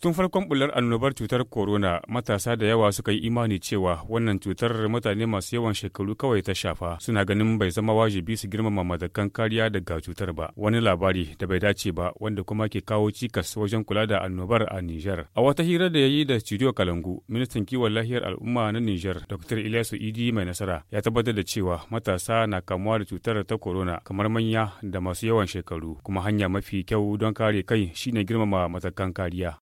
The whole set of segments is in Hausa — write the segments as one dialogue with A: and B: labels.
A: Tun farkon bular annobar cutar corona matasa da yawa suka yi imani cewa wannan cutar mutane masu yawan shekaru kawai ta shafa suna ganin bai zama wajibi su girmama matakan kariya daga cutar ba wani labari da bai dace ba wanda kuma ke kawo cikas wajen kula da annobar a Nijar. A wata hira da ya yi da studio Kalangu ministan kiwon lahiyar al'umma na Nijar Dr. Ilyasu Idi mai nasara ya tabbatar da cewa matasa na kamuwa da cutar ta corona kamar manya da masu yawan shekaru kuma hanya mafi kyau don kare kai shine girmama matakan kariya.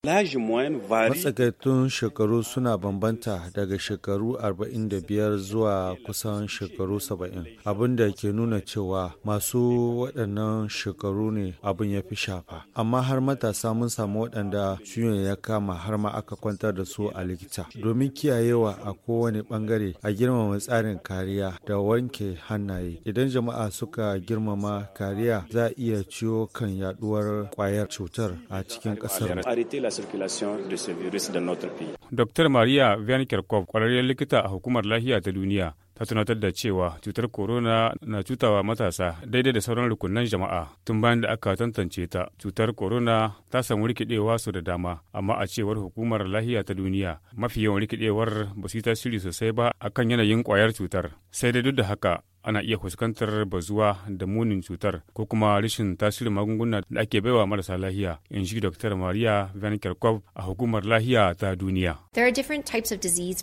A: matsakaitun
B: shekaru suna bambanta daga shekaru 45 zuwa kusan shekaru 70 abin da ke nuna cewa masu waɗannan shekaru ne abin ya fi shafa amma har matasa mun samu waɗanda ciwon ya kama har ma aka kwantar da su a likita domin kiyayewa a kowane ɓangare a girmama tsarin kariya da wanke hannaye idan jama'a suka girmama kariya za a iya ciwo kan
A: yaduwar kwayar cutar a cikin ƙasar circulation de ce virus dans notre pays. Dr. Maria Vyankerkov, kwararriyar likita a hukumar lafiya ta duniya, ta tunatar da cewa cutar corona na cutawa matasa daidai da sauran rukunan jama'a. Tun bayan da aka tantance ta, cutar corona ta samu rikidewa su da dama, amma a cewar hukumar lahiya ta duniya, mafi yawan rikidewar ba su yi tasiri sosai ba akan yanayin kwayar cutar. Sai dai duk da haka, ana iya fuskantar bazuwa da munin cutar ko kuma rashin tasirin magunguna da ake baiwa marasa lahiya in shi Dr. Maria Van Kerkhove a hukumar lahiya ta duniya.
C: There are different types of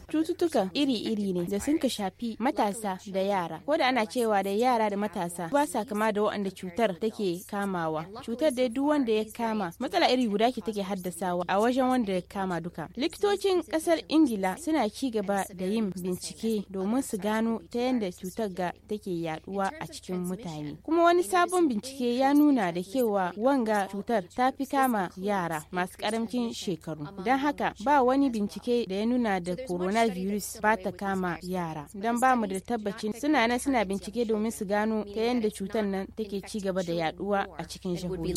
C: Cututtuka iri-iri ne da sun ka shafi matasa da yara. Ko da ana cewa da yara da matasa ba sa kama da waɗanda cutar take kamawa. Cutar dai duk wanda ya kama matsala iri guda ke take haddasawa a wajen wanda ya kama duka. Likitocin ƙasar Ingila suna ci gaba da yin bincike domin su gano ta yadda cutar ga take yaduwa a cikin mutane. Kuma wani sabon bincike ya nuna da cewa wanga cutar ta fi kama yara masu karamcin shekaru. Don haka ba wani bincike da ya nuna da coronavirus ba ta kama yara. Don ba mu da tabbacin suna nan suna bincike domin su gano ta yadda cutar nan take ci gaba da yaduwa a cikin jihohi.